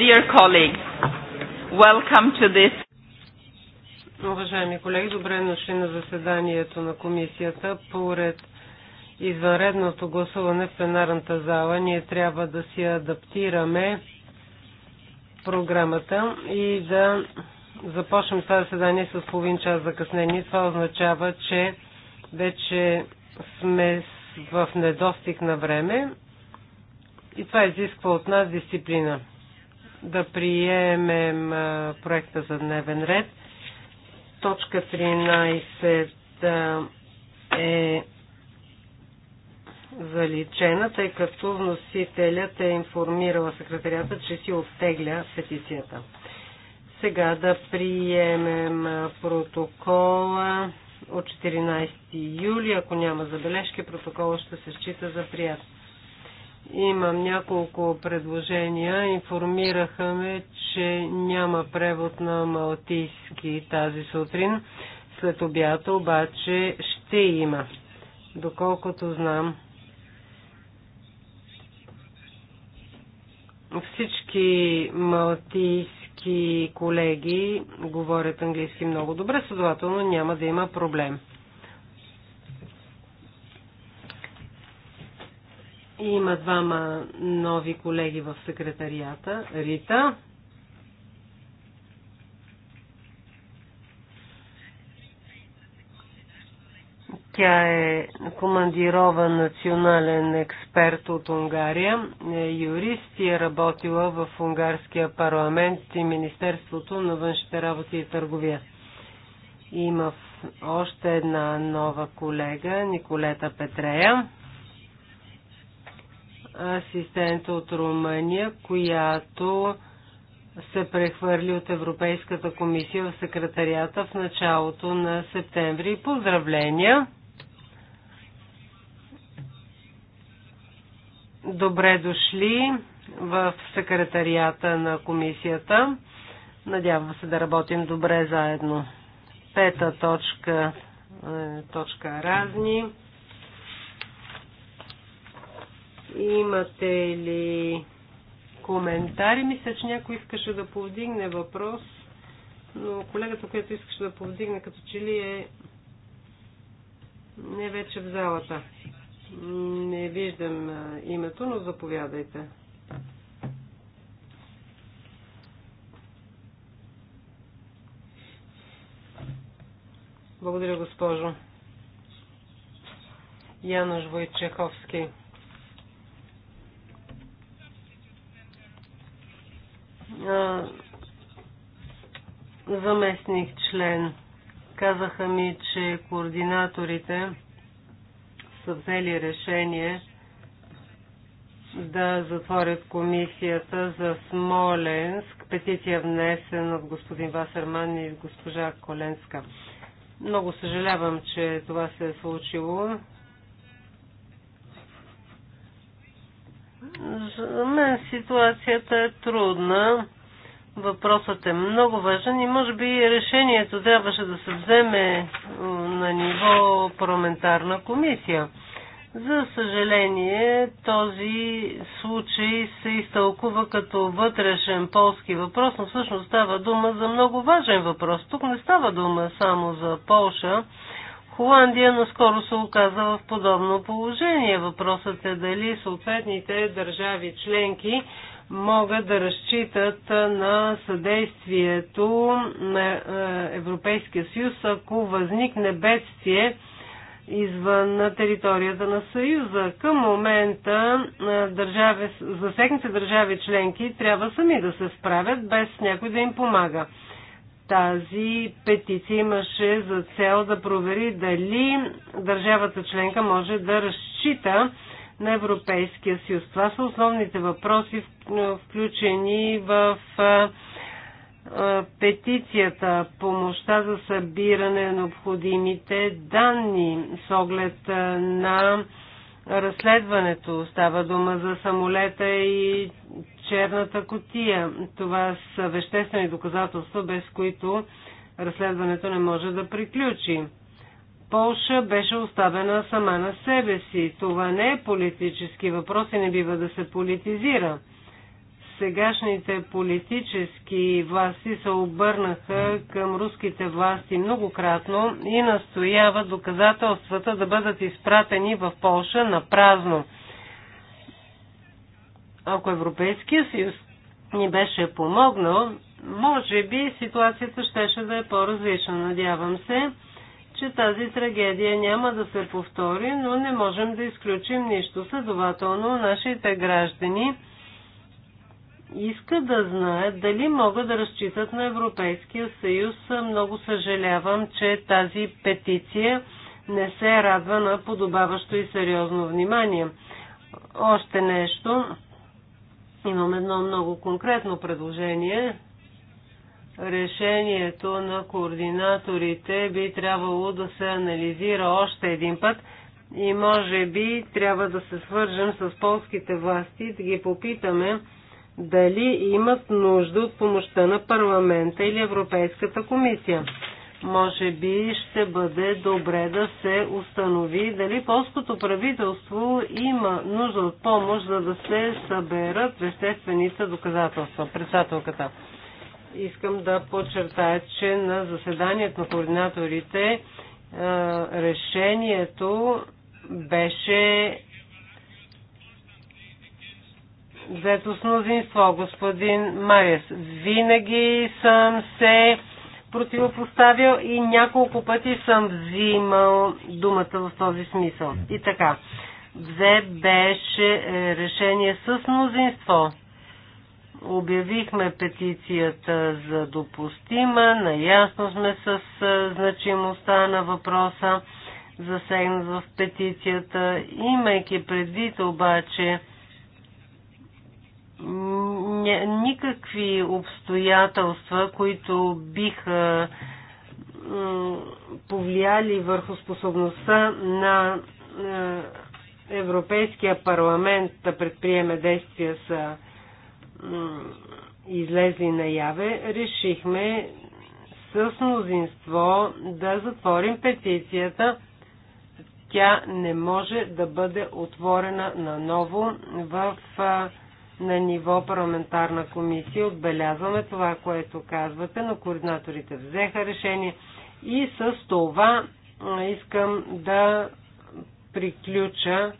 Dear colleagues, welcome to this. Уважаеми колеги, добре дошли на заседанието на комисията. Поред извънредното гласуване в пленарната зала ние трябва да си адаптираме програмата и да започнем това заседание с половин час закъснение. Това означава, че вече сме в недостиг на време и това изисква от нас дисциплина. Да приемем проекта за дневен ред. Точка 13 е заличена, тъй като вносителят е информирала секретарията, че си оттегля петицията. Сега да приемем протокола от 14 юли. Ако няма забележки, протокола ще се счита за прият. Имам няколко предложения. Информираха ме, че няма превод на малтийски тази сутрин. След обяд обаче ще има. Доколкото знам, всички малтийски всички колеги говорят английски много добре, следователно няма да има проблем. Има двама нови колеги в секретарията. Рита, Тя е командирова национален експерт от Унгария, е юрист и е работила в Унгарския парламент и Министерството на външните работи и търговия. Има още една нова колега, Николета Петрея, асистент от Румъния, която се прехвърли от Европейската комисия в секретарията в началото на септември. Поздравления! Добре дошли в секретарията на комисията. Надявам се да работим добре заедно. Пета точка, е, точка разни. Имате ли коментари? Мисля, че някой искаше да повдигне въпрос, но колегата, която искаше да повдигне, като че ли е не вече в залата. Не виждам името, но заповядайте. Благодаря, госпожо. Янош Войчеховски. Заместник член. Казаха ми, че координаторите са взели решение да затворят комисията за Смоленск. Петиция внесена от господин Васерман и госпожа Коленска. Много съжалявам, че това се е случило. За мен ситуацията е трудна. Въпросът е много важен и може би решението трябваше да се вземе на ниво парламентарна комисия. За съжаление, този случай се изтълкува като вътрешен полски въпрос, но всъщност става дума за много важен въпрос. Тук не става дума само за Полша. Холандия наскоро се оказа в подобно положение. Въпросът е дали съответните държави членки могат да разчитат на съдействието на е, Европейския съюз, ако възникне бедствие извън на територията на Съюза. Към момента е, държави, засегните държави членки трябва сами да се справят, без някой да им помага. Тази петиция имаше за цел да провери дали държавата членка може да разчита на Европейския съюз. Това са основните въпроси, включени в петицията помощта за събиране на необходимите данни с оглед на разследването. Става дума за самолета и черната котия. Това са веществени доказателства, без които разследването не може да приключи. Полша беше оставена сама на себе си. Това не е политически въпрос и не бива да се политизира. Сегашните политически власти се обърнаха към руските власти многократно и настояват доказателствата да бъдат изпратени в Полша на празно. Ако Европейския съюз ни беше помогнал, може би ситуацията щеше да е по-различна. Надявам се че тази трагедия няма да се повтори, но не можем да изключим нищо. Следователно, нашите граждани искат да знаят дали могат да разчитат на Европейския съюз. Много съжалявам, че тази петиция не се радва на подобаващо и сериозно внимание. Още нещо. Имам едно много конкретно предложение решението на координаторите би трябвало да се анализира още един път и може би трябва да се свържем с полските власти да ги попитаме дали имат нужда от помощта на парламента или Европейската комисия. Може би ще бъде добре да се установи дали полското правителство има нужда от помощ, за да се съберат веществените доказателства. Председателката. Искам да подчертая, че на заседанието на координаторите е, решението беше взето с мнозинство. Господин Мариас, винаги съм се противопоставил и няколко пъти съм взимал думата в този смисъл. И така, взе беше е, решение с мнозинство. Обявихме петицията за допустима, наясно сме с значимостта на въпроса, засегнат в петицията, имайки предвид обаче никакви обстоятелства, които биха повлияли върху способността на Европейския парламент да предприеме действия са излезли наяве, решихме с мнозинство да затворим петицията. Тя не може да бъде отворена наново в, на ниво парламентарна комисия. Отбелязваме това, което казвате, но координаторите взеха решение и с това искам да приключа.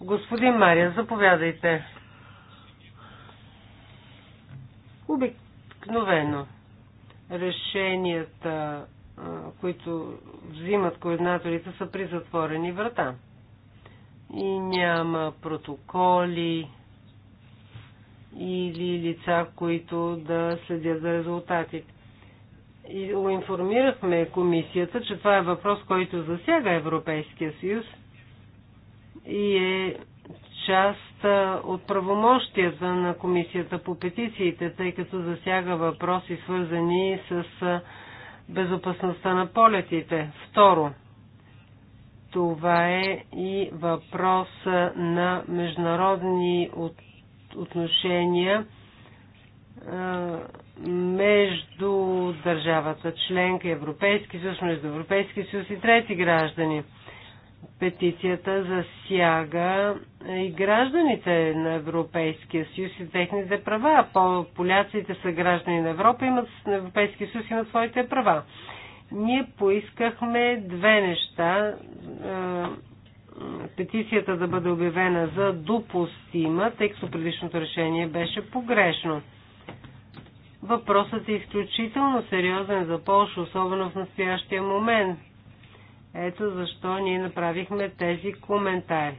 Господин Мария, заповядайте. Обикновено решенията, които взимат координаторите, са при затворени врата. И няма протоколи или лица, които да следят за резултатите. И информирахме комисията, че това е въпрос, който засяга Европейския съюз и е част от правомощията на Комисията по петициите, тъй като засяга въпроси свързани с безопасността на полетите. Второ, това е и въпрос на международни отношения между държавата членка, Европейски съюз, между Европейски съюз и трети граждани – Петицията засяга и гражданите на Европейския съюз и техните права. По поляците са граждани на Европа, имат, на Европейския съюз имат своите права. Ние поискахме две неща. Е, петицията да бъде обявена за допустима, тъй като предишното решение беше погрешно. Въпросът е изключително сериозен за Польша, особено в настоящия момент – ето защо ние направихме тези коментари.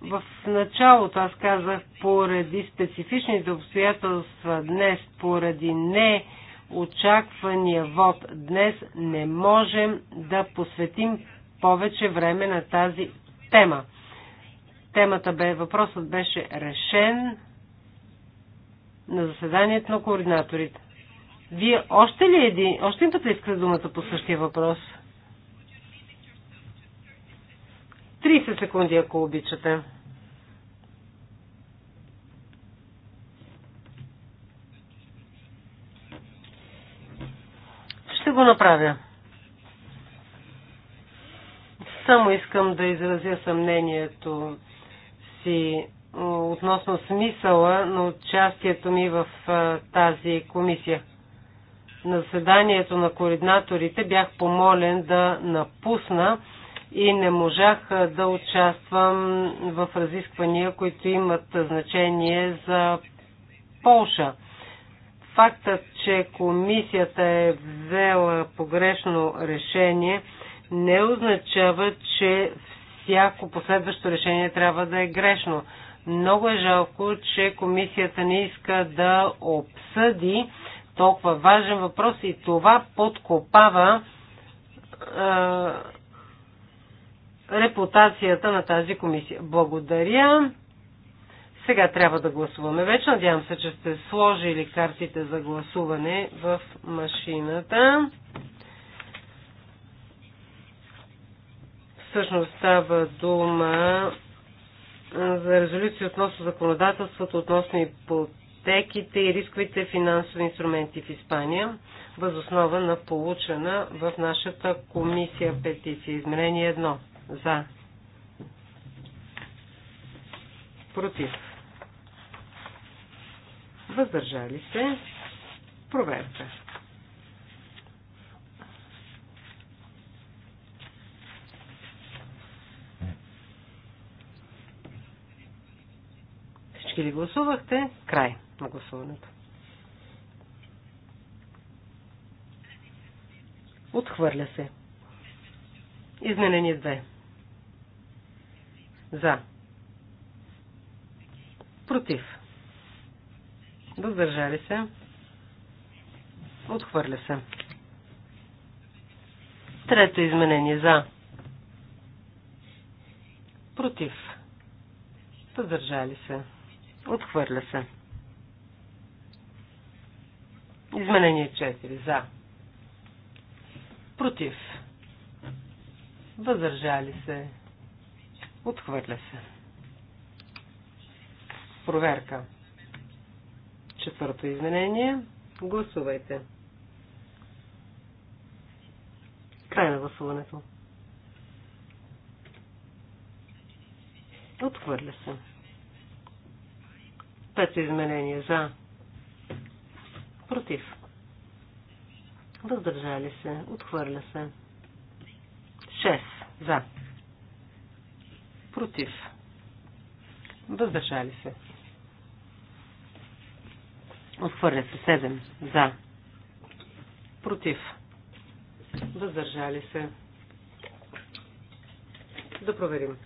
В началото аз казах, поради специфичните обстоятелства днес, поради не очаквания вод днес, не можем да посветим повече време на тази тема. Темата бе, въпросът беше решен на заседанието на координаторите. Вие още ли един, още един път ли искате думата по същия въпрос? 30 секунди, ако обичате. Ще го направя. Само искам да изразя съмнението си относно смисъла на участието ми в тази комисия на заседанието на координаторите бях помолен да напусна и не можах да участвам в разисквания, които имат значение за Полша. Фактът, че комисията е взела погрешно решение, не означава, че всяко последващо решение трябва да е грешно. Много е жалко, че комисията не иска да обсъди толкова важен въпрос и това подкопава е, репутацията на тази комисия. Благодаря. Сега трябва да гласуваме вече. Надявам се, че сте сложили картите за гласуване в машината. Всъщност става дума за резолюция относно законодателството, относно и под ипотеките и рисковите финансови инструменти в Испания, възоснова на получена в нашата комисия петиция. Измерение 1. За. Против. Въздържали се. Проверка. всички ли гласувахте? Край на гласуването. Отхвърля се. Изменение 2. За. Против. Въздържали се. Отхвърля се. Трето изменение. За. Против. Въздържали се. Отхвърля се. Изменение 4. За. Против. Въздържали се. Отхвърля се. Проверка. Четвърто изменение. Гласувайте. Край на гласуването. Отхвърля се. Пето изменение за против. Въздържали се, отхвърля се. 6 за. Против. Въздържали се. Отхвърля се 7 за. Против. Въздържали се. Да проверим.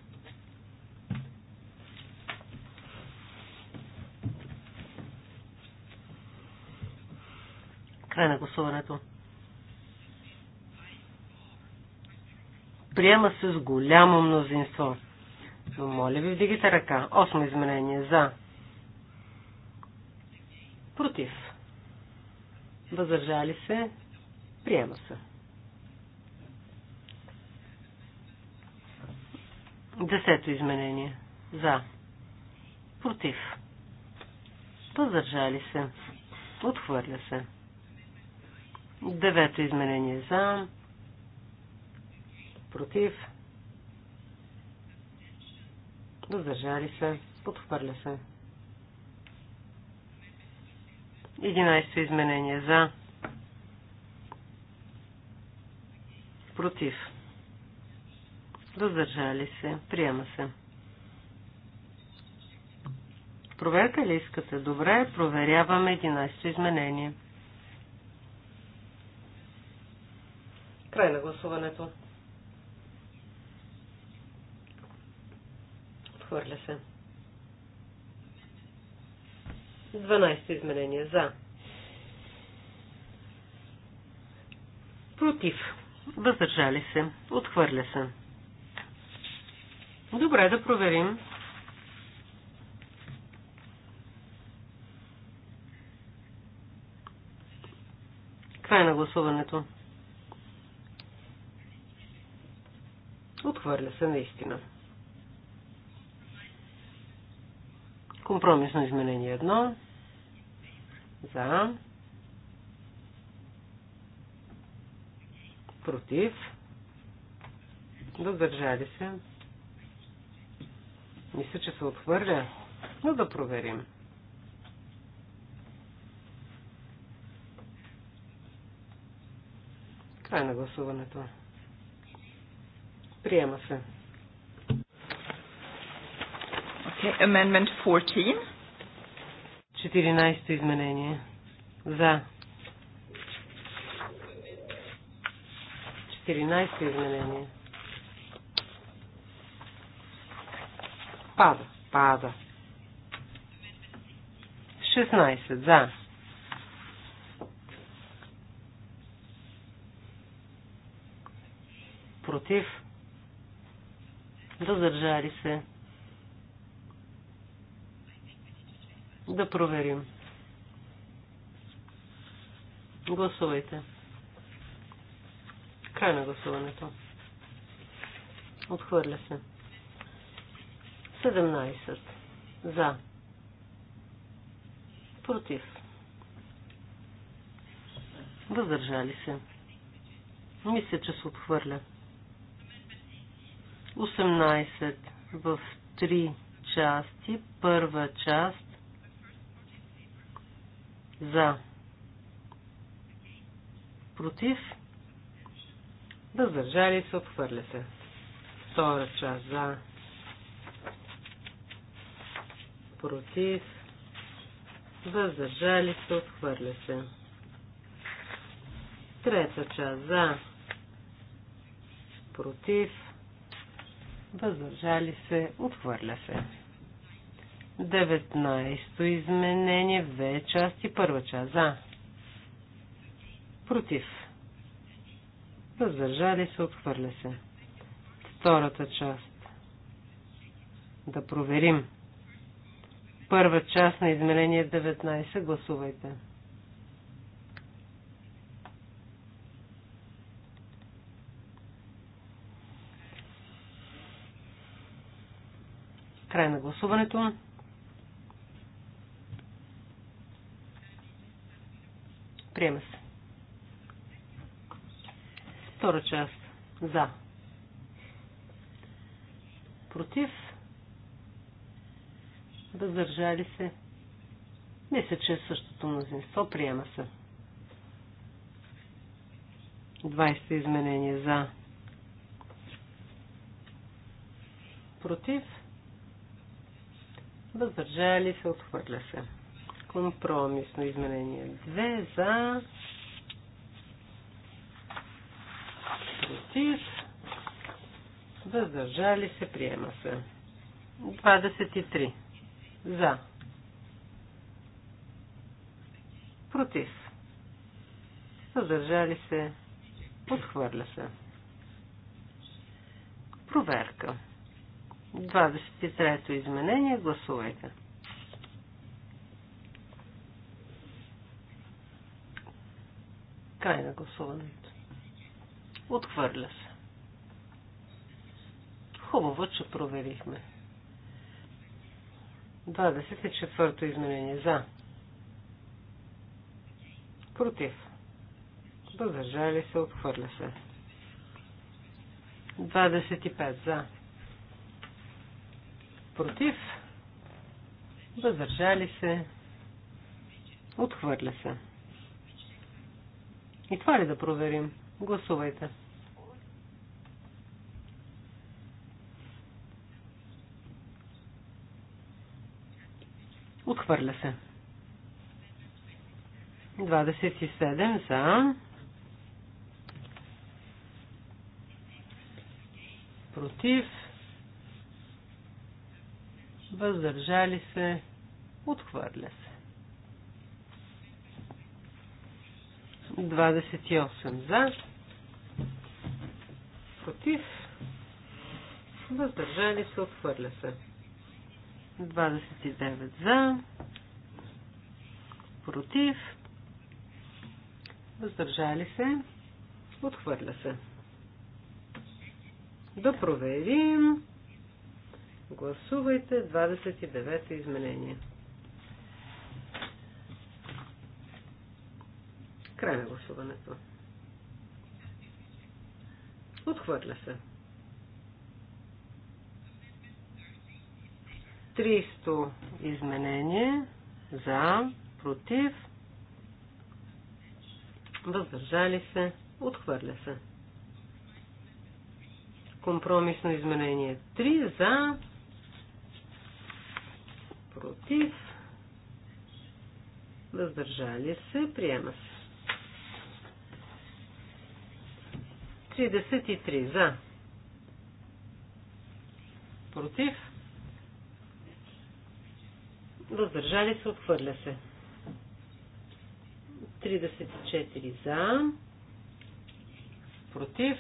Край на гласуването. Приема се с голямо мнозинство. Но моля ви, вдигайте ръка. Осмо изменение. За. Против. Въздържали се. Приема се. Десето изменение. За. Против. Въздържали се. Отхвърля се. Девето изменение за. Против. Въздържали се. Подхвърля се. Единайсто изменение за. Против. Въздържали се. Приема се. Проверка ли искате? Добре, проверяваме 11 изменение. Край на гласуването. Отхвърля се. 12 изменения за. Против. Въздържали се. Отхвърля се. Добре, да проверим. Край на гласуването. Отхвърля се наистина. Компромисно изменение 1. За. Против. Додържали се. Мисля, че се отхвърля, но да проверим. Край на гласуването. Приема се. Okay, amendment 14. 14 изменение. За. 14 изменение. Пада, пада. 16 за. Против. Въздържали се. Да проверим. Гласувайте. Край на гласуването. Отхвърля се. 17. За. Против. Въздържали се. Мисля, че се отхвърля. 18 в 3 части. Първа част за против въздържали се, отхвърля се. Втора част за против въздържали се, отхвърля се. Трета част за против въздържали се, отхвърля се. 19-то изменение в две части, първа част за, против, въздържали се, отхвърля се. Втората част. Да проверим. Първа част на изменение 19. Гласувайте. Край на гласуването. Приема се. Втора част. За. Против. Въздържали се. Мисля, че е същото мнозинство. Приема се. 20 изменения за. Против. Въздържали се, отхвърля се. Компромисно изменение Две. за. Против. Въздържали се, приема се. 23 за. Против. Въздържали се, отхвърля се. Проверка. 23-то изменение. Гласувайте. Край на гласуването. Отхвърля се. Хубаво, че проверихме. 24-то изменение. За. Против. Въздържали се. Отхвърля се. 25. За против, въздържали се, отхвърля се. И това ли да проверим? Гласувайте. Отхвърля се. 27 за. Против въздържали се, отхвърля се. 28 за, против, въздържали се, отхвърля се. 29 за, против, въздържали се, отхвърля се. Да проверим. Гласувайте 29-то изменение. Край на гласуването. Отхвърля се. 300 изменение за, против, въздържали се, отхвърля се. Компромисно изменение 3 за, против, въздържали се, приема се. 33 за, против, въздържали се, отхвърля се. 34 за, против,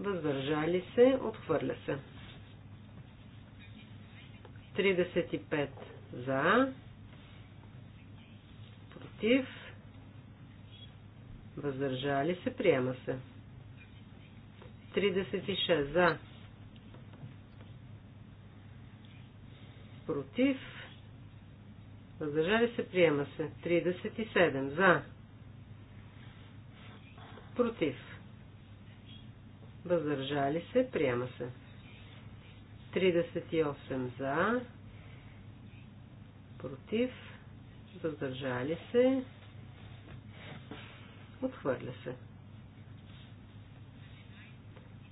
въздържали се, отхвърля се. 35 за, против, въздържали се, приема се. 36 за, против, въздържали се, приема се. 37 за, против, въздържали се, приема се. 38 за, против, въздържали се, отхвърля се.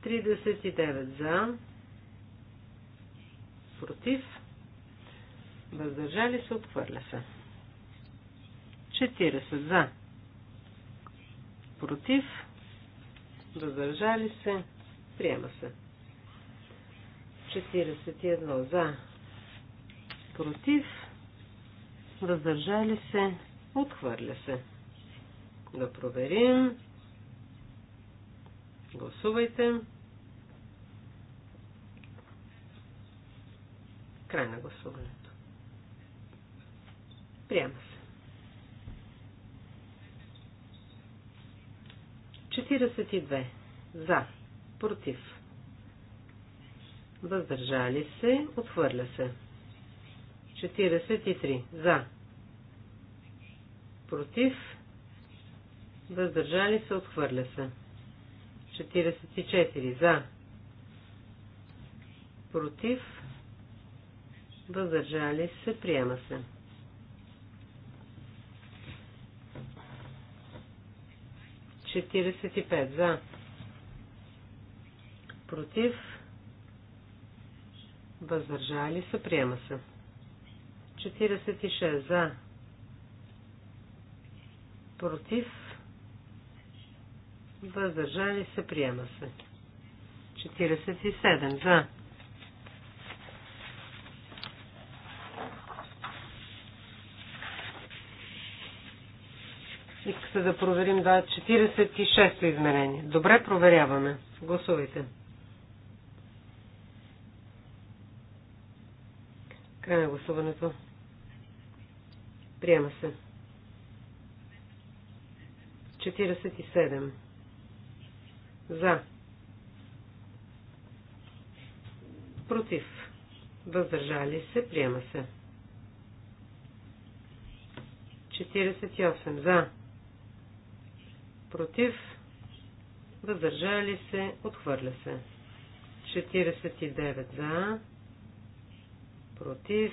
39 за, против, въздържали се, отхвърля се. 40 за, против, въздържали се, приема се. 41 за, против, въздържали се, отхвърля се. Да проверим. Гласувайте. Край на гласуването. Приема се. 42. За. Против въздържали се, отхвърля се. 43. За. Против, въздържали се, отхвърля се. 44. За. Против, въздържали се, приема се. 45 и пет за. Против, Въздържали се. Приема се. 46. За. Против. Въздържали се. Приема се. 47. За. Искате да проверим да 46 измерение. Добре, проверяваме. Гласувайте. Край на гласуването. Приема се. 47. За. Против. Въздържали се. Приема се. 48. За. Против. Въздържали се. Отхвърля се. 49. За против,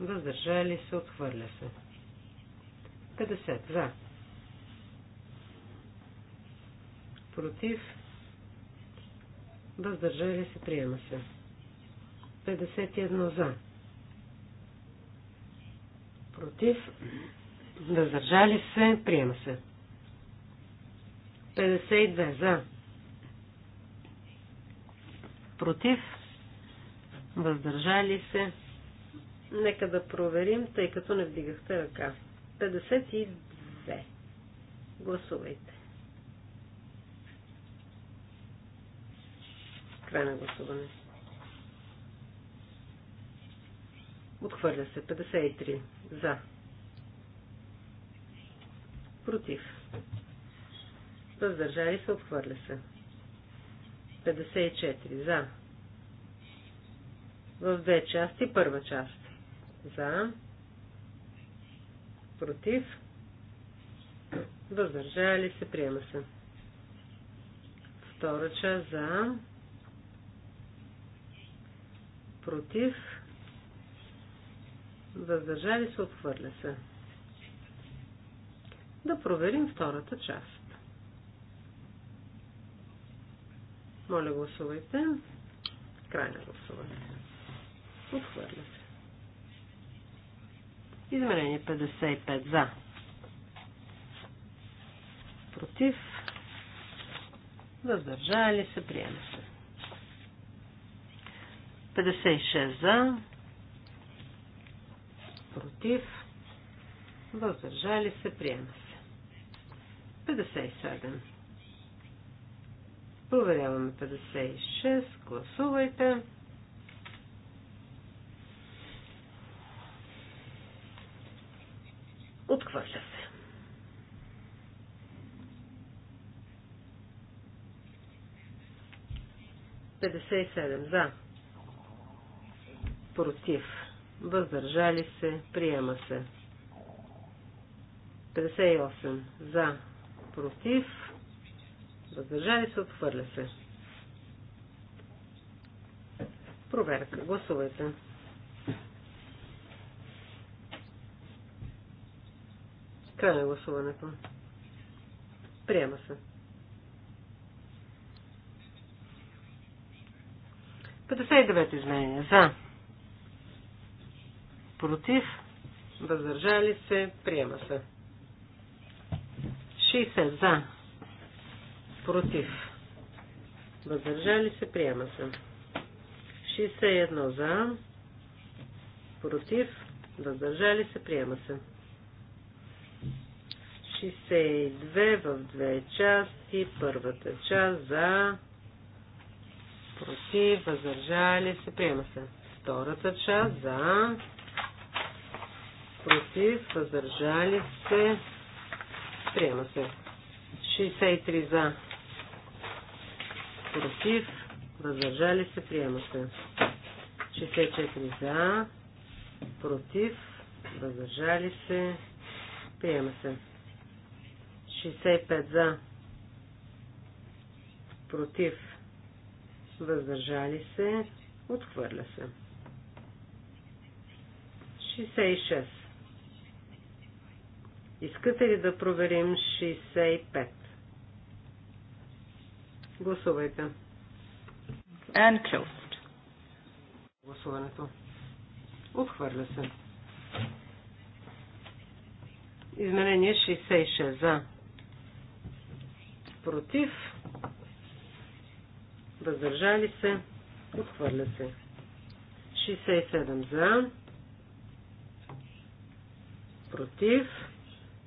въздържали се, отхвърля се. 50 за, против, въздържали се, приема се. 51 за, против, въздържали се, приема се. 52 за, против, въздържали се. Нека да проверим, тъй като не вдигахте ръка. 52. Гласувайте. Край на гласуване. Отхвърля се. 53. За. Против. Въздържали се. Отхвърля се. 54. За в две части. Първа част. За. Против. Въздържали се. Приема се. Втора част. За. Против. Въздържали се. Отхвърля се. Да проверим втората част. Моля, гласувайте. Гласувайте. Отхвърля се. Измерение 55 за. Против. Въздържали се. Приема се. 56 за. Против. Въздържали се. Приема се. 57. Проверяваме 56. Гласувайте. Отхвърля се. За. Против. Въздържали се. Приема се. 58. За. Против. Въздържали се. Отхвърля се. Проверка. Гласувайте. Край на гласуването. Приема се. 59 изменения. За. Против. Въздържали се. Приема се. 60. За. Против. Въздържали се. Приема се. 61. За. Против. Въздържали се. Приема се. 62 в две части. Първата част за против, въздържали се, приема се. Втората част за против, въздържали се, приема се. 63 за против, въздържали се, приема се. 64 за против, въздържали се, приема се. 65 за. Против. Въздържали се. Отхвърля се. 66. Искате ли да проверим 65? Гласувайте. And closed. Гласуването. Отхвърля се. Изменение 66 за против, въздържали се, отхвърля се. 67 за, против,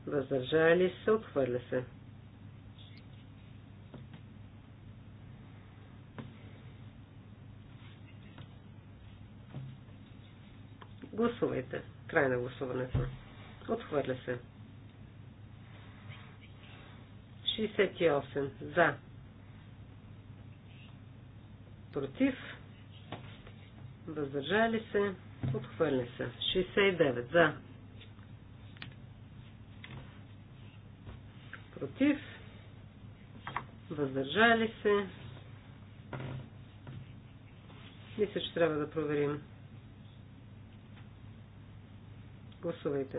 въздържали се, отхвърля се. Гласувайте. Край на гласуването. Отхвърля се. 68 за. Против. Въздържали се. отхвърли се. 69 за. Против. Въздържали се. Мисля, че трябва да проверим. Гласувайте.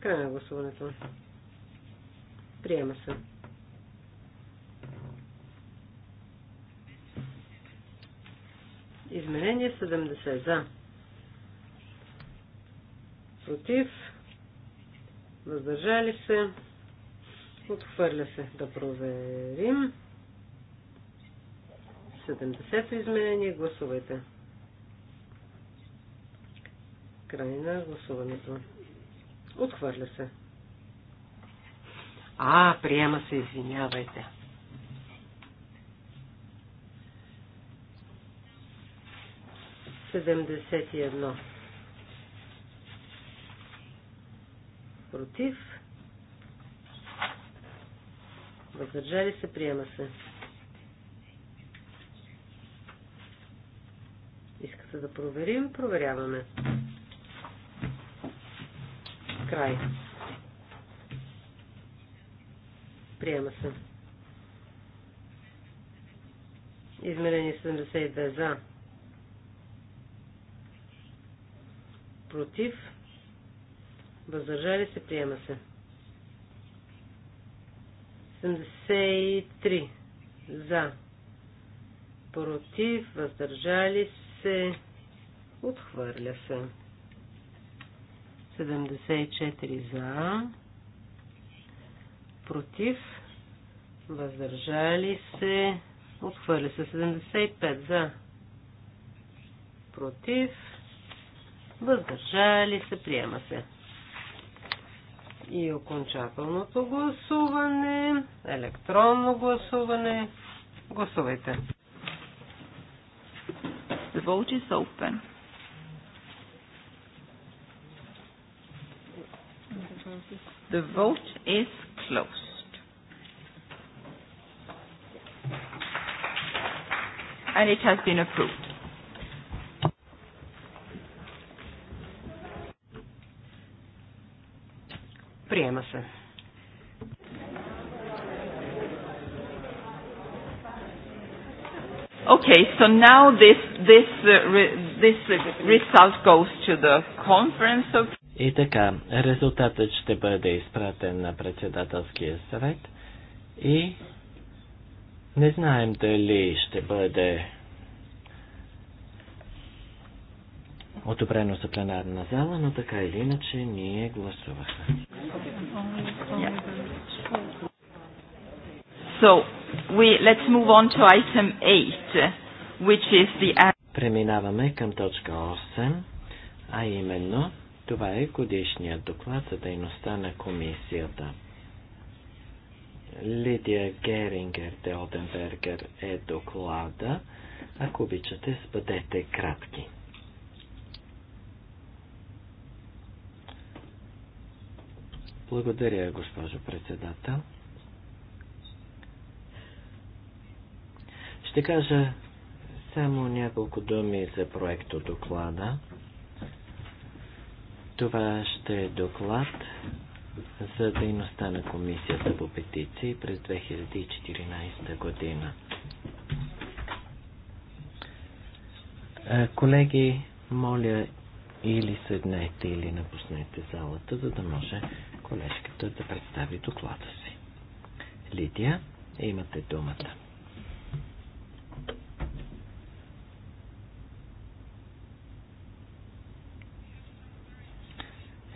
Край на гласуването. Приема се. Изменение 70 за. Против. Въздържали се. Отхвърля се. Да проверим. 70 изменение. Гласувайте. Край на гласуването. Отхвърля се. А, приема се, извинявайте. Седемдесет и едно. Против. Въздържали се, приема се. Искате да проверим? Проверяваме. Край. Приема се. Измерение 72 за. Против. Въздържали се. Приема се. 73 за. Против. Въздържали се. Отхвърля се. 74 за против, въздържали се, отхвърля се 75 за, против, въздържали се, приема се. И окончателното гласуване, електронно гласуване, гласувайте. The vote is open. The vote is closed. it has been approved. Приема се. Okay, so now this this uh, re, this result goes to the conference of и така, резултатът ще бъде изпратен на председателския съвет и не знаем дали ще бъде одобрено за пленарна зала, но така или иначе ние гласувахме. So, we, let's move on to item 8, which is the... Преминаваме към точка 8, а именно това е годишният доклад за дейността на комисията. Лидия Герингер де Оденбергер е доклада. Ако обичате, бъдете кратки. Благодаря, госпожо председател. Ще кажа само няколко думи за проекто доклада. Това ще е доклад за дейността на Комисията по петиции през 2014 година. Колеги, моля или седнете, или напуснете залата, за да може колежката да представи доклада си. Лидия, имате думата.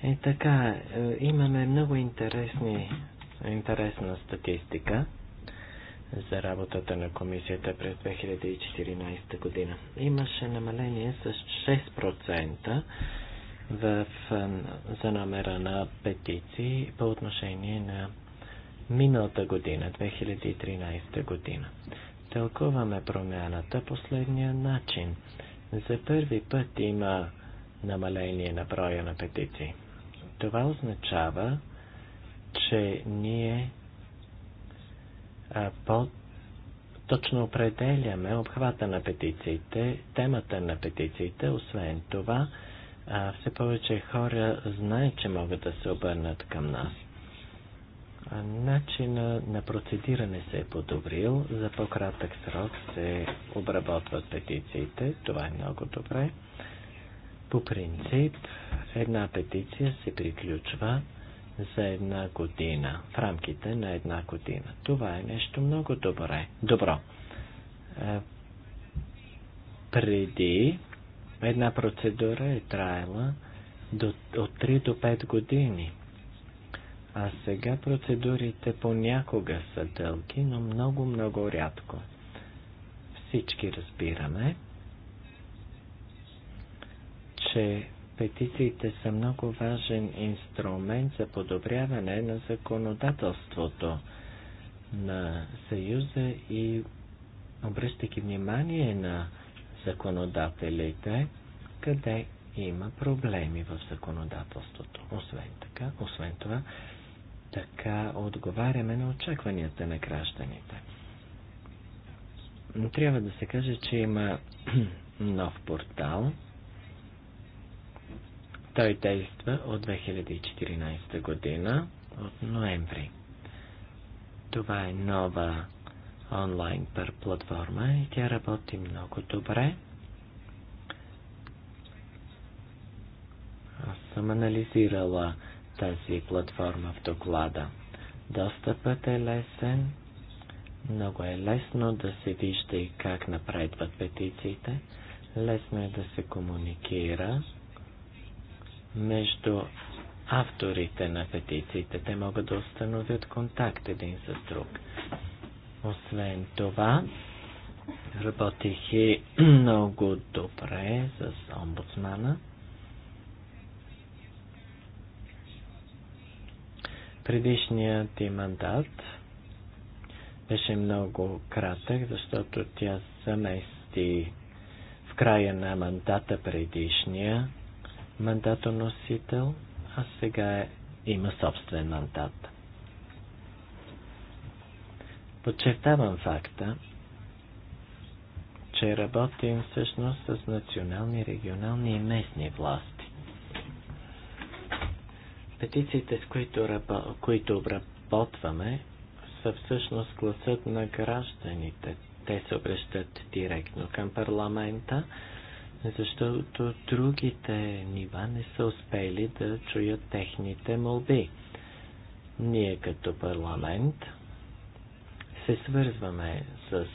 И е, така, е, имаме много интересни, интересна статистика за работата на комисията през 2014 година. Имаше намаление с 6% в, е, за номера на петиции по отношение на миналата година, 2013 година. Тълкуваме промяната последния начин. За първи път има намаление на броя на петиции. Това означава, че ние а, по точно определяме обхвата на петициите, темата на петициите. Освен това, а, все повече хора знаят, че могат да се обърнат към нас. начина на процедиране се е подобрил. За по-кратък срок се обработват петициите. Това е много добре. По принцип, Една петиция се приключва за една година, в рамките на една година. Това е нещо много добре. добро. Е, преди една процедура е траяла до, от 3 до 5 години. А сега процедурите понякога са дълги, но много, много рядко. Всички разбираме, че Петициите са много важен инструмент за подобряване на законодателството на Съюза и обръщайки внимание на законодателите, къде има проблеми в законодателството. Освен, така, освен това, така отговаряме на очакванията на гражданите. Трябва да се каже, че има нов портал, той действа от 2014 година, от ноември. Това е нова онлайн платформа и тя работи много добре. Аз съм анализирала тази платформа в доклада. Достъпът е лесен, много е лесно да се вижда и как напредват петициите, лесно е да се комуникира между авторите на петициите. Те могат да установят контакт един с друг. Освен това, работих и много добре с омбудсмана. Предишният ти мандат беше много кратък, защото тя замести в края на мандата предишния мандатоносител, а сега е, има собствен мандат. Подчертавам факта, че работим всъщност с национални, регионални и местни власти. Петициите, с които, раб... които обработваме, са всъщност гласът на гражданите. Те се обръщат директно към парламента, защото другите нива не са успели да чуят техните молби. Ние като парламент се свързваме с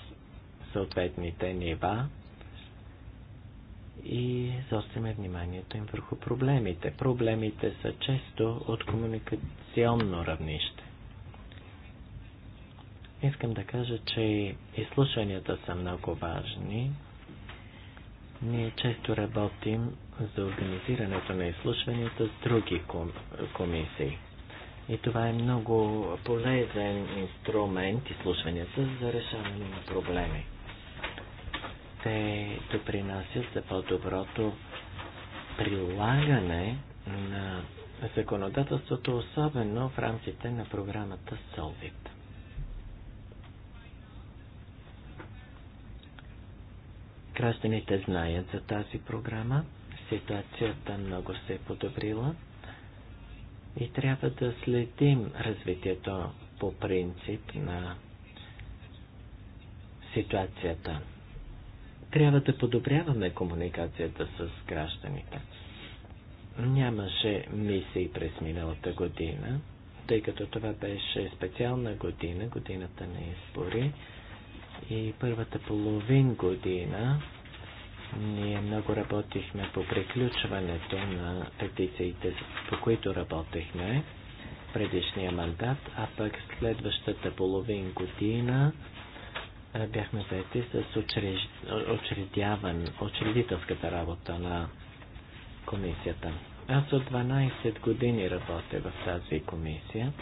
съответните нива и заостряме вниманието им върху проблемите. Проблемите са често от комуникационно равнище. Искам да кажа, че изслушванията са много важни, ние често работим за организирането на изслушванията с други ком комисии. И това е много полезен инструмент, изслушванията за решаване на проблеми. Те допринасят за по-доброто прилагане на законодателството, особено в рамките на програмата СОВИТ. Гражданите знаят за тази програма, ситуацията много се е подобрила и трябва да следим развитието по принцип на ситуацията. Трябва да подобряваме комуникацията с гражданите. Нямаше мисии през миналата година, тъй като това беше специална година, годината на избори и първата половин година ние много работихме по приключването на петициите, по които работехме предишния мандат, а пък следващата половин година е, бяхме заети с учредителската работа на комисията. Аз от 12 години работя в тази комисия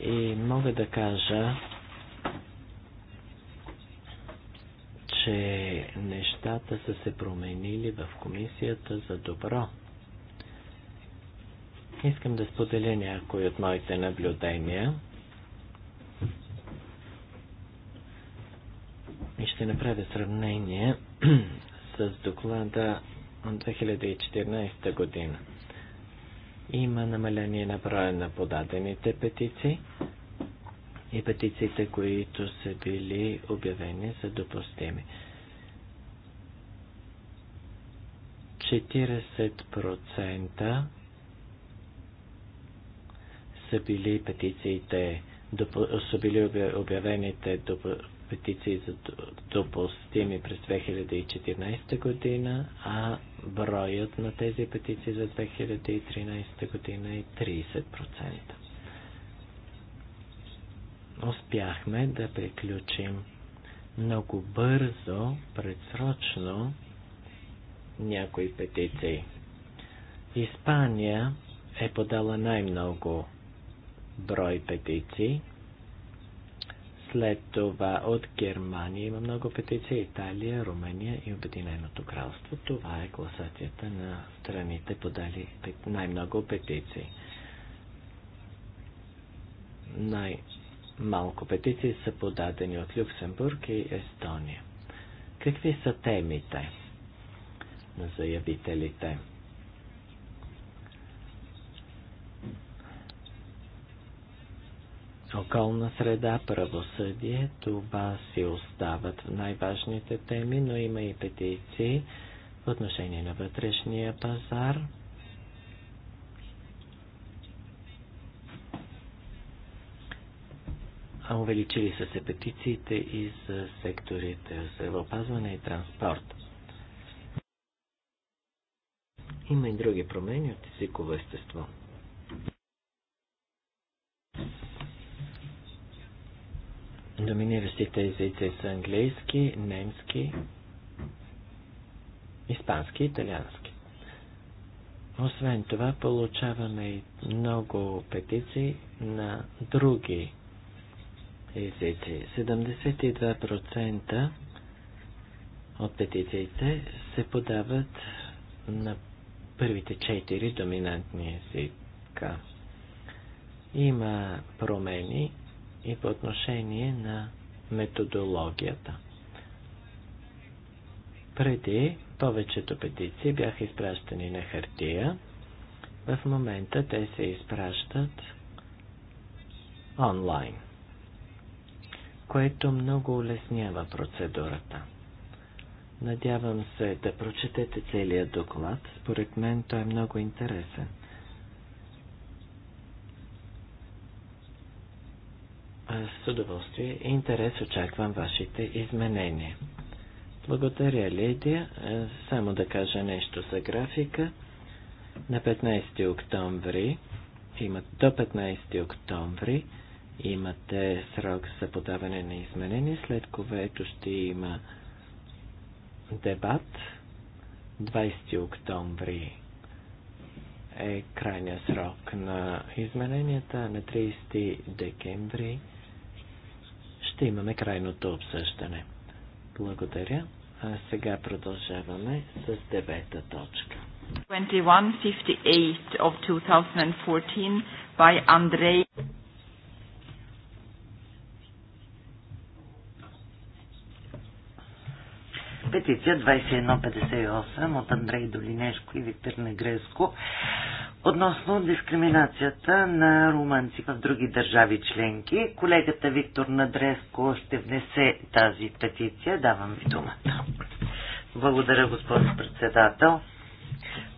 и мога да кажа, че нещата са се променили в комисията за добро. Искам да споделя някои от моите наблюдения. И ще направя сравнение с доклада от 2014 година. Има намаление на броя на подадените петиции, и петициите, които са били обявени за допустими. 40% са били петициите, са били обявените петиции за допустими през 2014 година, а броят на тези петиции за 2013 година е 30% успяхме да приключим много бързо, предсрочно някои петиции. Испания е подала най-много брой петиции. След това от Германия има много петиции, Италия, Румъния и Обединеното кралство. Това е класацията на страните подали най-много петиции. Най- малко петиции са подадени от Люксембург и Естония. Какви са темите на заявителите? Околна среда, правосъдие, това си остават най-важните теми, но има и петиции в отношение на вътрешния пазар, увеличили са се петициите и за секторите здравеопазване и транспорт. Има и други промени от езиково естество. Доминиращите езици са английски, немски, испански и италиански. Освен това, получаваме и много петиции на други езици. 72% от петициите се подават на първите четири доминантни езика. Има промени и по отношение на методологията. Преди повечето петиции бяха изпращани на хартия, в момента те се изпращат онлайн което много улеснява процедурата. Надявам се да прочетете целият доклад. Според мен той е много интересен. С удоволствие и интерес очаквам вашите изменения. Благодаря, Лидия. Само да кажа нещо за графика. На 15 октомври, имат до 15 октомври, Имате срок за подаване на изменения, след което ще има дебат. 20 октомври е крайния срок на измененията. На 30 декември ще имаме крайното обсъждане. Благодаря. А сега продължаваме с девета точка. 2158 of 2014 by Andrei петиция 2158 от Андрей Долинешко и Виктор Негреско относно дискриминацията на румънци в други държави членки. Колегата Виктор Надреско ще внесе тази петиция. Давам ви думата. Благодаря, госпожо председател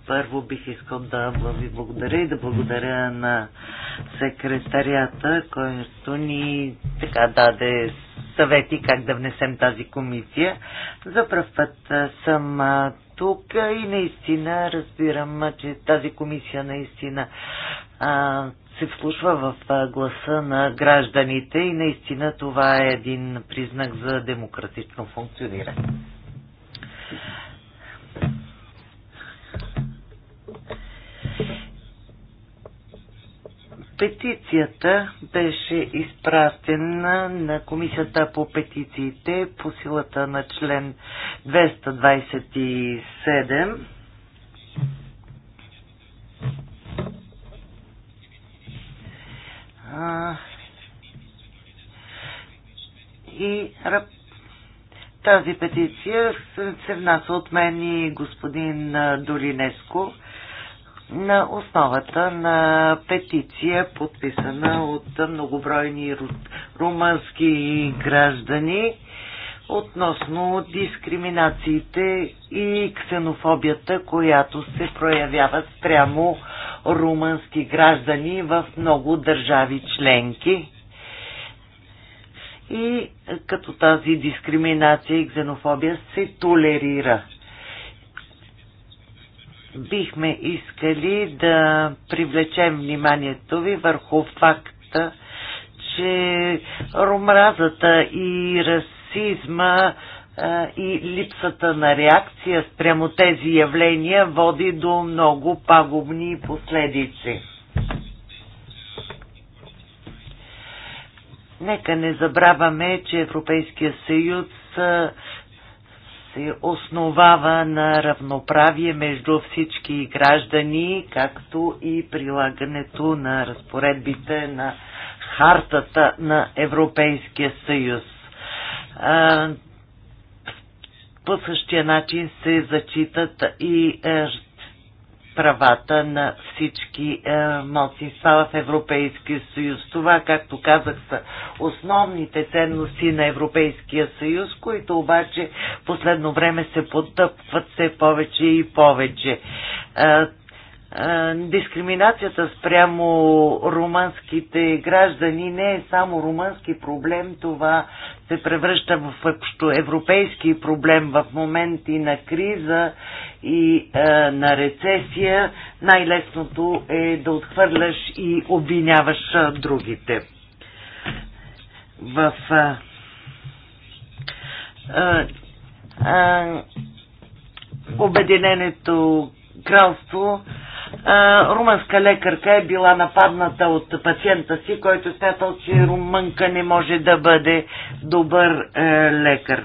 първо бих искал да ви благодаря и да благодаря на секретарията, който ни така даде съвети как да внесем тази комисия. За първ път съм тук и наистина разбирам, че тази комисия наистина се вслушва в гласа на гражданите и наистина това е един признак за демократично функциониране. Петицията беше изпратена на Комисията по петициите по силата на член 227. И тази петиция се внася от мен и господин Долинеско на основата на петиция, подписана от многобройни румънски граждани относно дискриминациите и ксенофобията, която се проявява спрямо румънски граждани в много държави членки. И като тази дискриминация и ксенофобия се толерира бихме искали да привлечем вниманието ви върху факта, че ромразата и расизма и липсата на реакция спрямо тези явления води до много пагубни последици. Нека не забравяме, че Европейския съюз се основава на равноправие между всички граждани, както и прилагането на разпоредбите на хартата на Европейския съюз. По същия начин се зачитат и е, правата на всички е, младсинства в Европейския съюз. Това, както казах, са основните ценности на Европейския съюз, които обаче последно време се потъпват все повече и повече. Е, дискриминацията спрямо румънските граждани не е само румънски проблем, това се превръща в европейски проблем в моменти на криза и е, на рецесия. Най-лесното е да отхвърляш и обвиняваш другите. В е, е, Обединението кралство румънска лекарка е била нападната от пациента си, който смятал, че румънка не може да бъде добър е, лекар.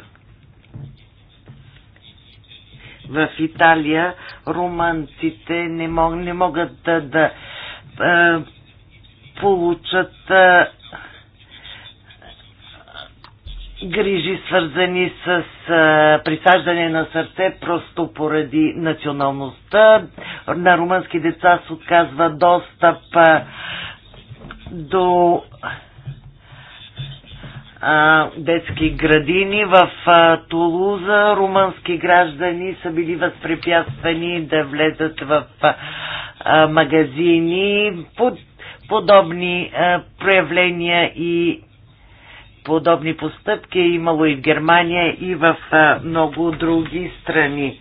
В Италия румънците не, мог, не могат да, да е, получат е, грижи, свързани с а, присаждане на сърце, просто поради националността. На румънски деца се отказва достъп а, до а, детски градини. В а, Тулуза румънски граждани са били възпрепятствани да влезат в а, магазини. Под, подобни а, проявления и подобни постъпки е имало и в Германия, и в много други страни.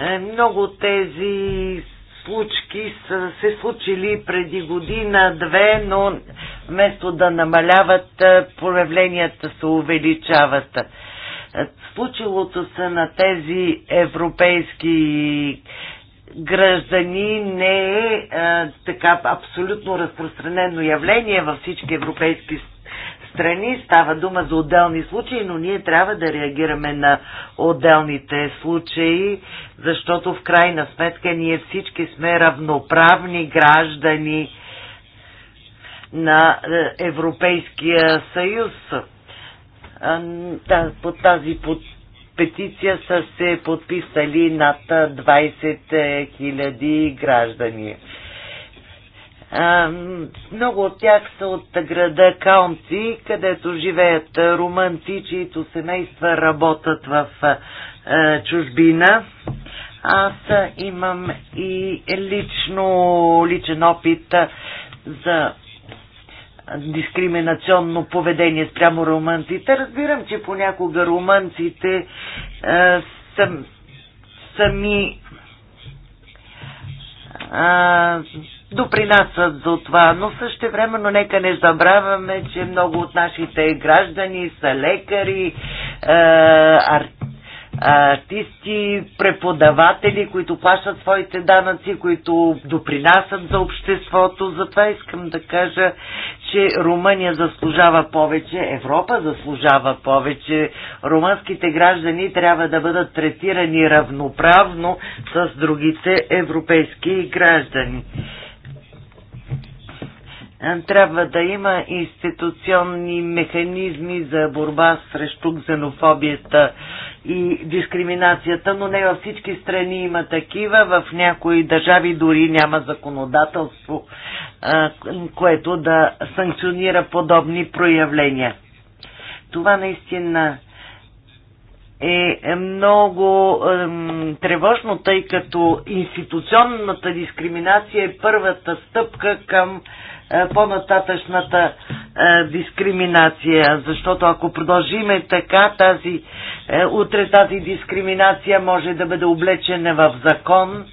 Е, много от тези случки са се случили преди година-две, но вместо да намаляват, проявленията се увеличават. Е, случилото се на тези европейски граждани не е а, така абсолютно разпространено явление във всички европейски страни, става дума за отделни случаи, но ние трябва да реагираме на отделните случаи, защото в крайна сметка ние всички сме равноправни граждани на е, Европейския съюз. По тази под петиция са се подписали над 20 000 е, граждани. Много от тях са от града Каунци, където живеят румънци, чието семейства работят в чужбина. Аз имам и лично, личен опит за дискриминационно поведение спрямо румънците. Разбирам, че понякога румънците а, сами а, допринасят за това, но също времено нека не забравяме, че много от нашите граждани са лекари, е, ар, артисти, преподаватели, които плащат своите данъци, които допринасят за обществото. Затова искам да кажа, че Румъния заслужава повече, Европа заслужава повече. Румънските граждани трябва да бъдат третирани равноправно с другите европейски граждани. Е, трябва да има институционни механизми за борба срещу ксенофобията и дискриминацията, но не във всички страни има такива, в някои държави дори няма законодателство, е, което да санкционира подобни проявления. Това наистина е много ем, тревожно, тъй като институционната дискриминация е първата стъпка към е, по-нататъчната е, дискриминация, защото ако продължиме така, тази, е, утре тази дискриминация може да бъде облечена в закон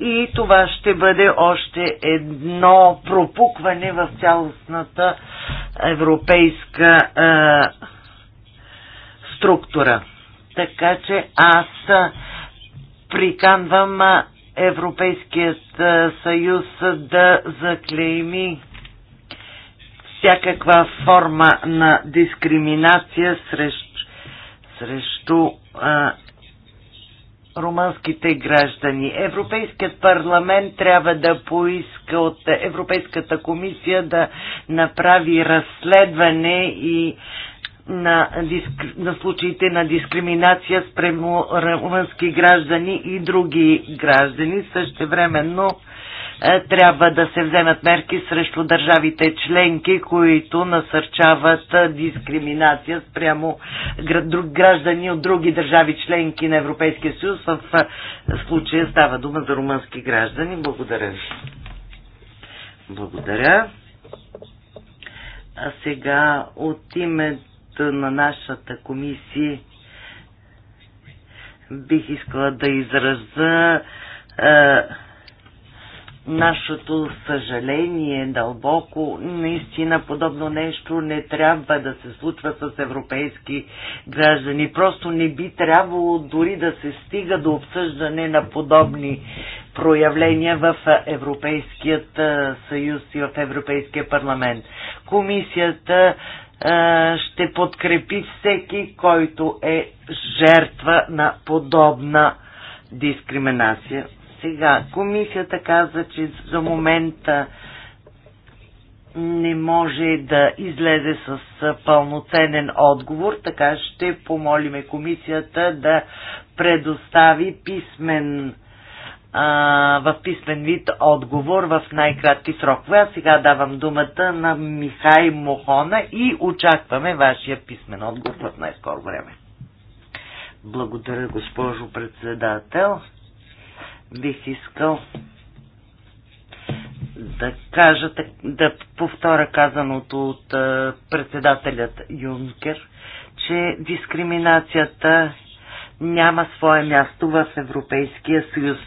и това ще бъде още едно пропукване в цялостната европейска структура. Така че аз приканвам Европейският съюз да заклейми всякаква форма на дискриминация срещу, срещу а, румънските граждани. Европейският парламент трябва да поиска от Европейската комисия да направи разследване и на, диск, на случаите на дискриминация спрямо румънски граждани и други граждани. Същевременно е, трябва да се вземат мерки срещу държавите членки, които насърчават е, дискриминация спрямо граждани от други държави членки на Европейския съюз. В е, случая става дума за румънски граждани. Благодаря ви. Благодаря. А сега от името на нашата комисия бих искала да израза е, нашето съжаление дълбоко. Наистина подобно нещо не трябва да се случва с европейски граждани. Просто не би трябвало дори да се стига до обсъждане на подобни проявления в Европейският е, съюз и в Европейския парламент. Комисията е, ще подкрепи всеки, който е жертва на подобна дискриминация. Сега, комисията каза, че за момента не може да излезе с пълноценен отговор, така ще помолиме комисията да предостави писмен в писмен вид отговор в най-кратки срокове. А сега давам думата на Михай Мохона и очакваме вашия писмен отговор в най-скоро време. Благодаря, госпожо председател. Бих искал да кажа, да повторя казаното от председателят Юнкер, че дискриминацията няма свое място в Европейския съюз.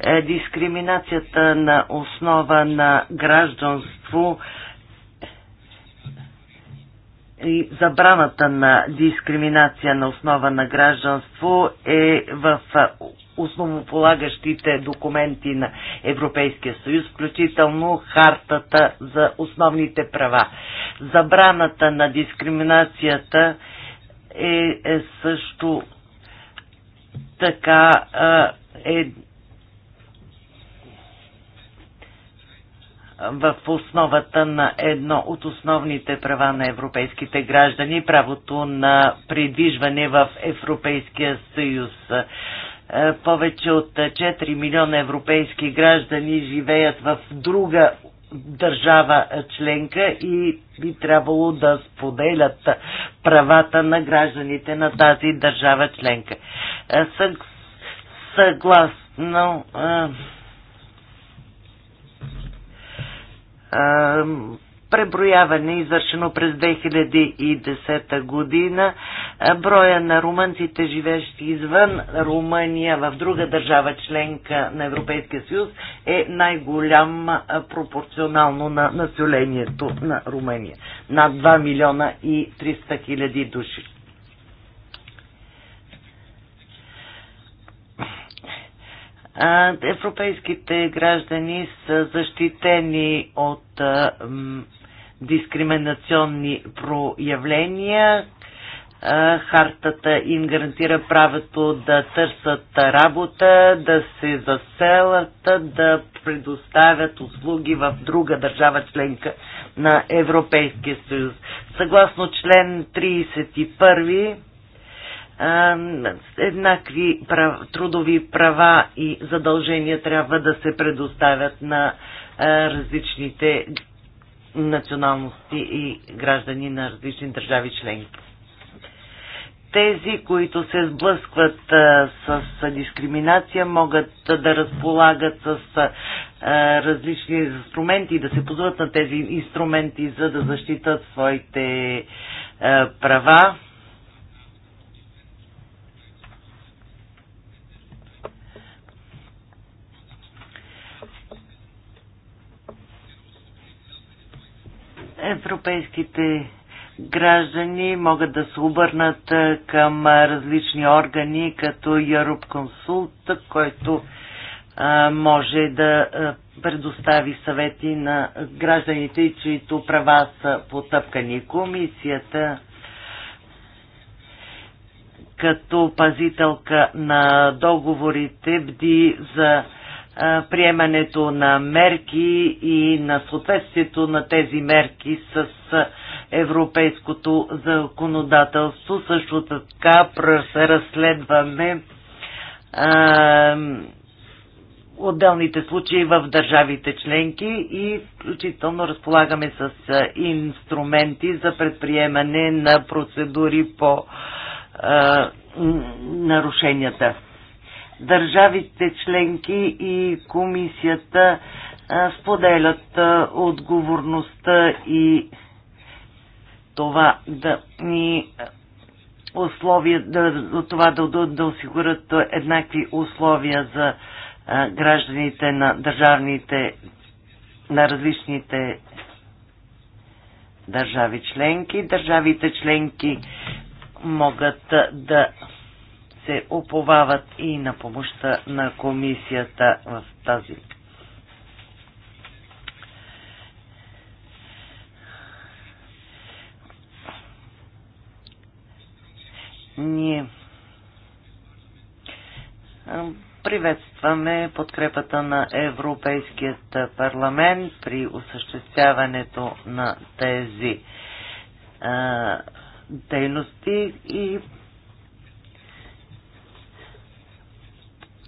Е, дискриминацията на основа на гражданство и забраната на дискриминация на основа на гражданство е в основополагащите документи на Европейския съюз, включително хартата за основните права. Забраната на дискриминацията е, е също така е в основата на едно от основните права на европейските граждани правото на придвижване в Европейския съюз. Повече от 4 милиона европейски граждани живеят в друга държава членка и би трябвало да споделят правата на гражданите на тази държава членка. Е, съгласно а, е, а, е, преброяване, извършено през 2010 година, броя на румънците, живещи извън Румъния в друга държава членка на Европейския съюз, е най-голям пропорционално на населението на Румъния. Над 2 милиона и 300 хиляди души. европейските граждани са защитени от дискриминационни проявления. Хартата им гарантира правото да търсят работа, да се заселят, да предоставят услуги в друга държава членка на Европейския съюз. Съгласно член 31 еднакви прав, трудови права и задължения трябва да се предоставят на различните националности и граждани на различни държави членки. Тези, които се сблъскват а, с а, дискриминация, могат а, да разполагат с а, различни инструменти и да се позват на тези инструменти, за да защитат своите а, права. европейските граждани могат да се обърнат към различни органи, като Europe Consult, който може да предостави съвети на гражданите, чието права са потъпкани. Комисията като пазителка на договорите бди за приемането на мерки и на съответствието на тези мерки с европейското законодателство. Също така разследваме а, отделните случаи в държавите членки и включително разполагаме с инструменти за предприемане на процедури по а, нарушенията държавите членки и комисията споделят отговорността и това да ни условия, да, това да, да, да осигурят еднакви условия за а, гражданите на държавните, на различните държави членки. Държавите членки могат да се уповават и на помощта на комисията в тази ние приветстваме подкрепата на Европейският парламент при осъществяването на тези а, дейности и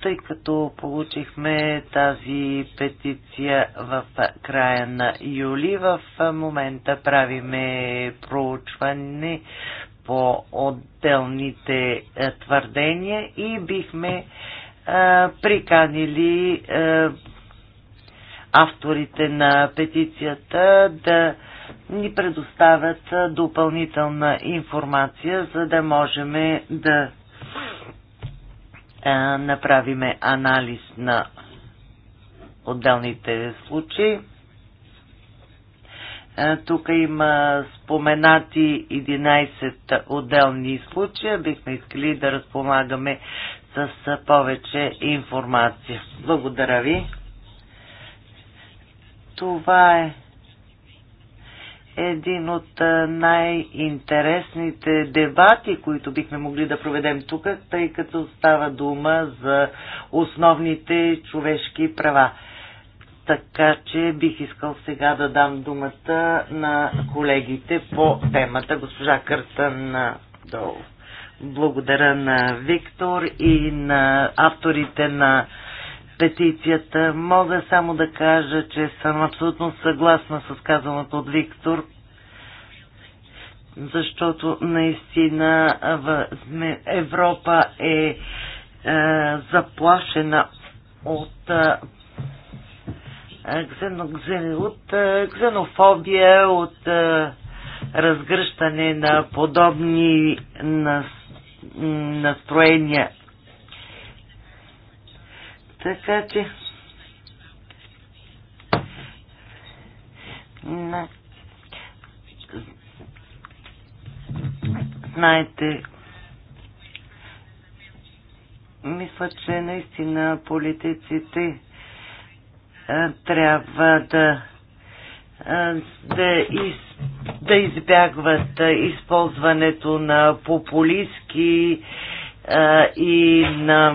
тъй като получихме тази петиция в края на юли. В момента правиме проучване по отделните е, твърдения и бихме а, е, приканили а, е, авторите на петицията да ни предоставят допълнителна информация, за да можем да е, направиме анализ на отделните случаи. Е, тук има споменати 11 отделни случая. Бихме искали да разпомагаме с повече информация. Благодаря ви. Това е един от най-интересните дебати, които бихме могли да проведем тук, тъй като става дума за основните човешки права. Така че бих искал сега да дам думата на колегите по темата. Госпожа Къртън долу. Благодаря на Виктор и на авторите на петицията. Мога само да кажа, че съм абсолютно съгласна с казаното от Виктор, защото наистина в Европа е, е, заплашена от, е, е, от ксенофобия, от разгръщане на подобни настроения така че... Знаете, мисля, че наистина политиците трябва да да, из, да избягват използването на популистски и на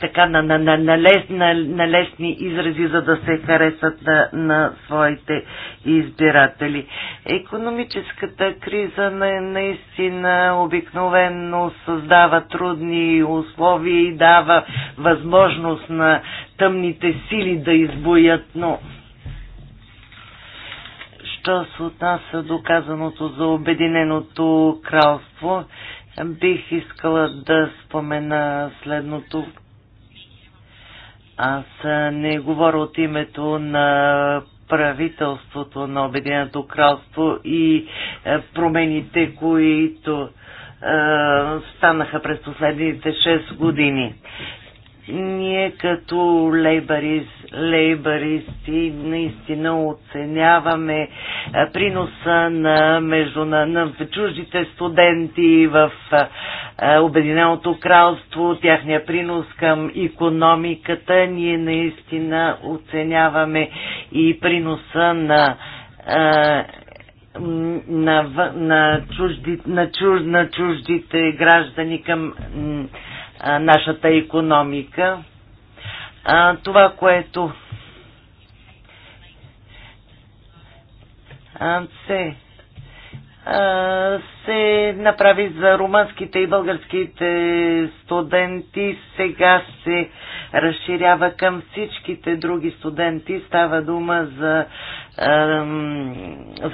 така на, на, на, на, лес, на, на лесни изрази, за да се харесат на, на своите избиратели. Економическата криза на, наистина обикновенно създава трудни условия и дава възможност на тъмните сили да избоят, но що се отнася до казаното за Обединеното кралство, бих искала да спомена следното. Аз не говоря от името на правителството на Обединеното кралство и промените, които станаха през последните 6 години ние като лейбаристи наистина оценяваме е, приноса на, между, на, на чуждите студенти в е, е, Обединеното кралство, тяхния принос към економиката. Ние наистина оценяваме и приноса на на, на, чужди, на, чуж, на чуждите граждани към нашата економика. Това, което се се направи за румънските и българските студенти, сега се разширява към всичките други студенти. Става дума за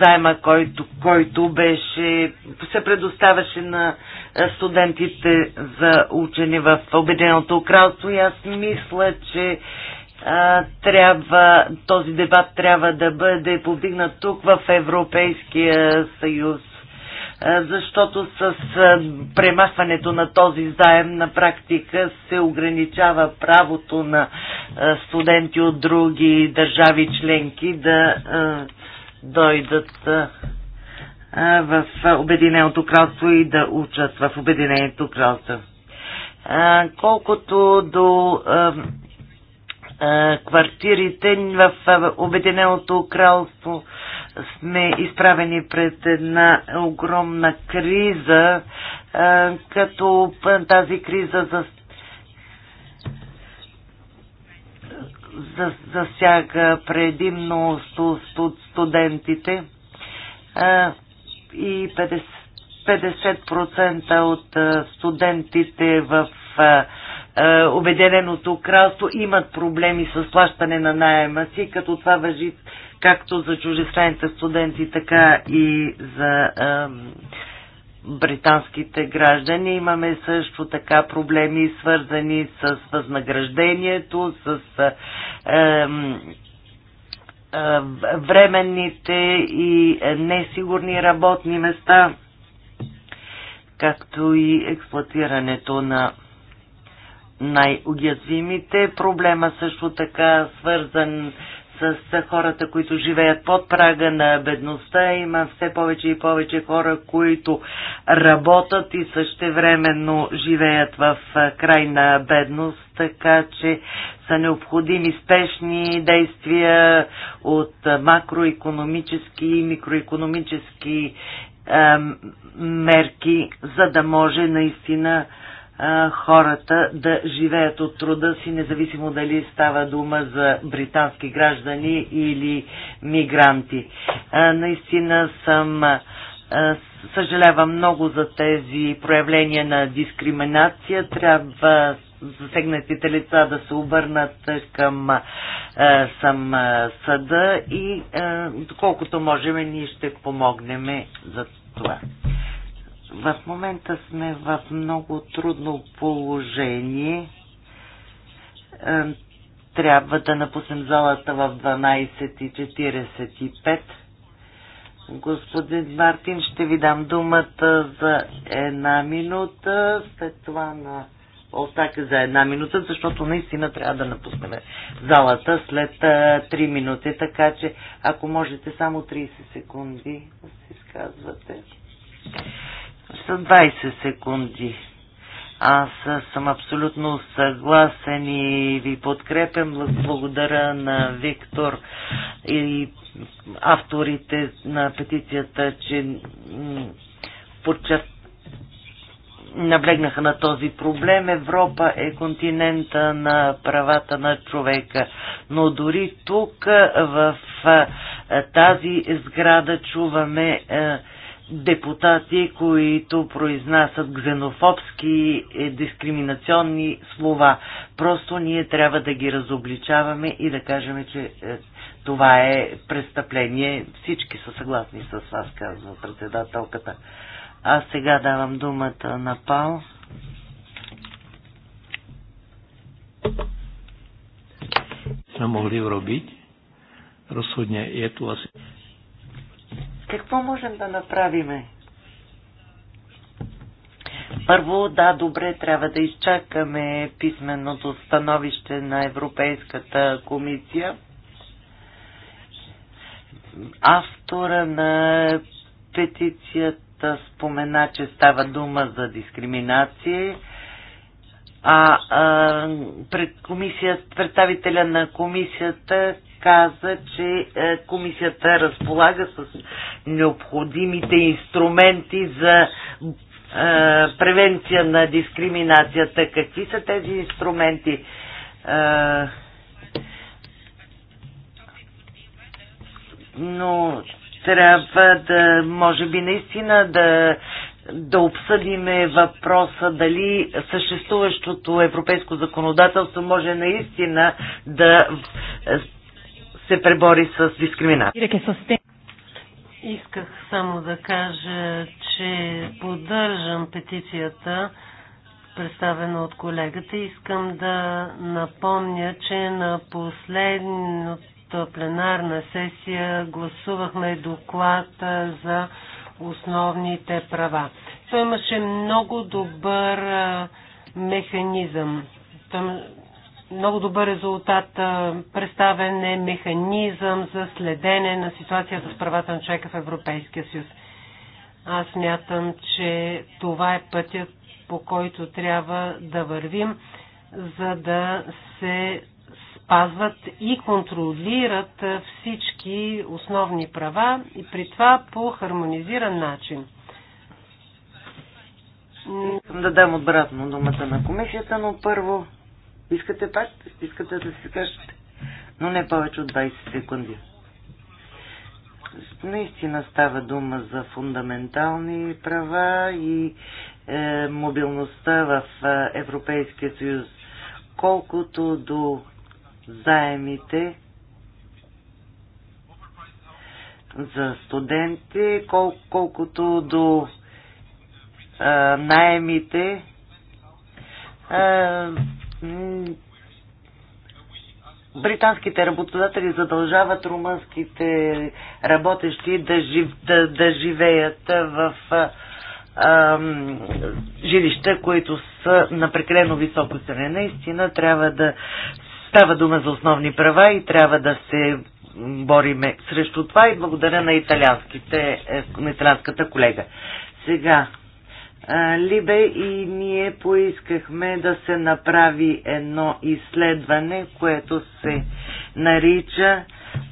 заема, който, който беше, се предоставяше на студентите за учени в Обединеното кралство и аз мисля, че а, трябва, този дебат трябва да бъде повдигнат тук в Европейския съюз защото с премахването на този заем на практика се ограничава правото на студенти от други държави членки да дойдат в Обединеното кралство и да учат в Обединеното кралство. Колкото до квартирите в Обединеното кралство сме изправени пред една огромна криза, като тази криза за засяга предимно студентите и 50% от студентите в Обединеното кралство имат проблеми с плащане на найема си, като това въжи както за чужестранните студенти, така и за британските граждани. Имаме също така проблеми, свързани с възнаграждението, с временните и несигурни работни места, както и експлуатирането на най-уязвимите. Проблема също така свързан с хората, които живеят под прага на бедността. Има все повече и повече хора, които работят и същевременно живеят в край на бедност, така че са необходими спешни действия от макроекономически и микроекономически мерки, за да може наистина хората да живеят от труда си, независимо дали става дума за британски граждани или мигранти. Наистина съм съжалявам много за тези проявления на дискриминация. Трябва засегнатите лица да се обърнат към сам съда и доколкото можем ние ще помогнем за това. В момента сме в много трудно положение. Е, трябва да напуснем залата в 12.45. Господин Мартин, ще ви дам думата за една минута, след това на остака за една минута, защото наистина трябва да напуснем залата след 3 е, минути, така че ако можете само 30 секунди да се изказвате с 20 секунди. Аз съм абсолютно съгласен и ви подкрепям. Благодаря на Виктор и авторите на петицията, че подчерт наблегнаха на този проблем. Европа е континента на правата на човека. Но дори тук в тази сграда чуваме депутати, които произнасят ксенофобски, дискриминационни слова. Просто ние трябва да ги разобличаваме и да кажем, че е, това е престъпление. Всички са съгласни с вас, казва председателката. А сега давам думата на Пал. Сме могли да робити. и ето вас. Какво можем да направиме? Първо, да, добре, трябва да изчакаме писменото становище на Европейската комисия. Автора на петицията спомена, че става дума за дискриминация, а, а пред комисията, представителя на комисията каза, че е, комисията разполага с необходимите инструменти за е, превенция на дискриминацията. Какви са тези инструменти? Е, но трябва да, може би наистина да, да обсъдиме въпроса дали съществуващото европейско законодателство може наистина да се пребори с дискриминация. Исках само да кажа, че поддържам петицията, представена от колегата. Искам да напомня, че на последната пленарна сесия гласувахме доклад за основните права. Той имаше много добър механизъм. Той много добър резултат. Представен е механизъм за следене на ситуацията с правата на човека в Европейския съюз. Аз мятам, че това е пътят, по който трябва да вървим, за да се спазват и контролират всички основни права и при това по хармонизиран начин. Искам да дам обратно думата на комисията, но първо Искате пак? Искате да се кажете, Но не повече от 20 секунди. Наистина става дума за фундаментални права и е, мобилността в е, Европейския съюз. Колкото до заемите за студенти, кол, колкото до е, наемите, е, британските работодатели задължават румънските работещи да, жив, да, да живеят в а, жилища, които са на прекалено високо цене. Наистина трябва да става дума за основни права и трябва да се бориме срещу това и благодаря на, италианските, е, на италианската колега. Сега Либе и ние поискахме да се направи едно изследване, което се нарича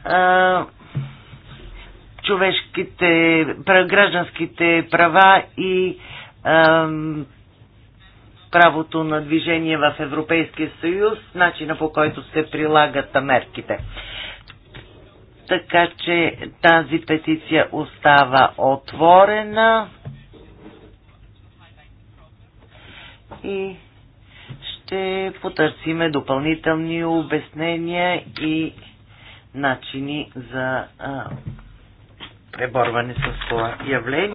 а, човешките, гражданските права и а, правото на движение в Европейския съюз, начина по който се прилагат мерките. Така че тази петиция остава отворена. и ще потърсиме допълнителни обяснения и начини за а, преборване с това явление.